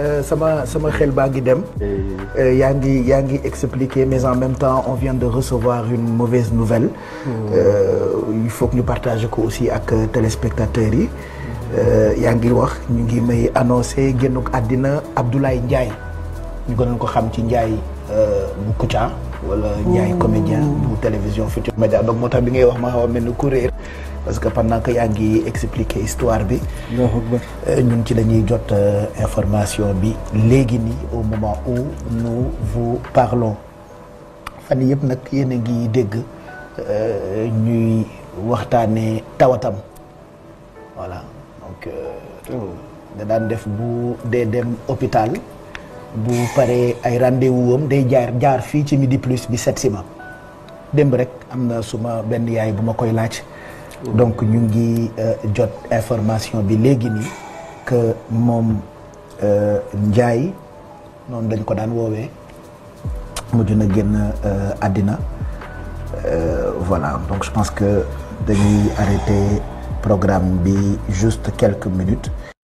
Euh, sama sama xel baa ngi dem. Euh, yaa ngi expliquer mais en même temps on vient de recevoir une mauvaise nouvelle. Mmh. Euh, il faut que nous partagions ko aussi les téléspectateurs yi. yaa ngi wax ñu ngi may annoncé génn àddina Abdoulaye Ndiaye ñu gënoon ko xam ci Ndiaye bu wala comédien bu télévision Futur Média donc bi ngay wax parce que pendant que yaa expliquer histoire bi. Euh, ñun ci euh, information bi au moment où nous vous parlons euh, ñuy tawatam voilà donc. hôpital bu ay rendez-vous am day plus bi rek suma donc jot information que moom euh, njaay noonu dañ ko daan euh, euh, voilà donc je pense que dañuy arrêter programme bi juste quelques minutes.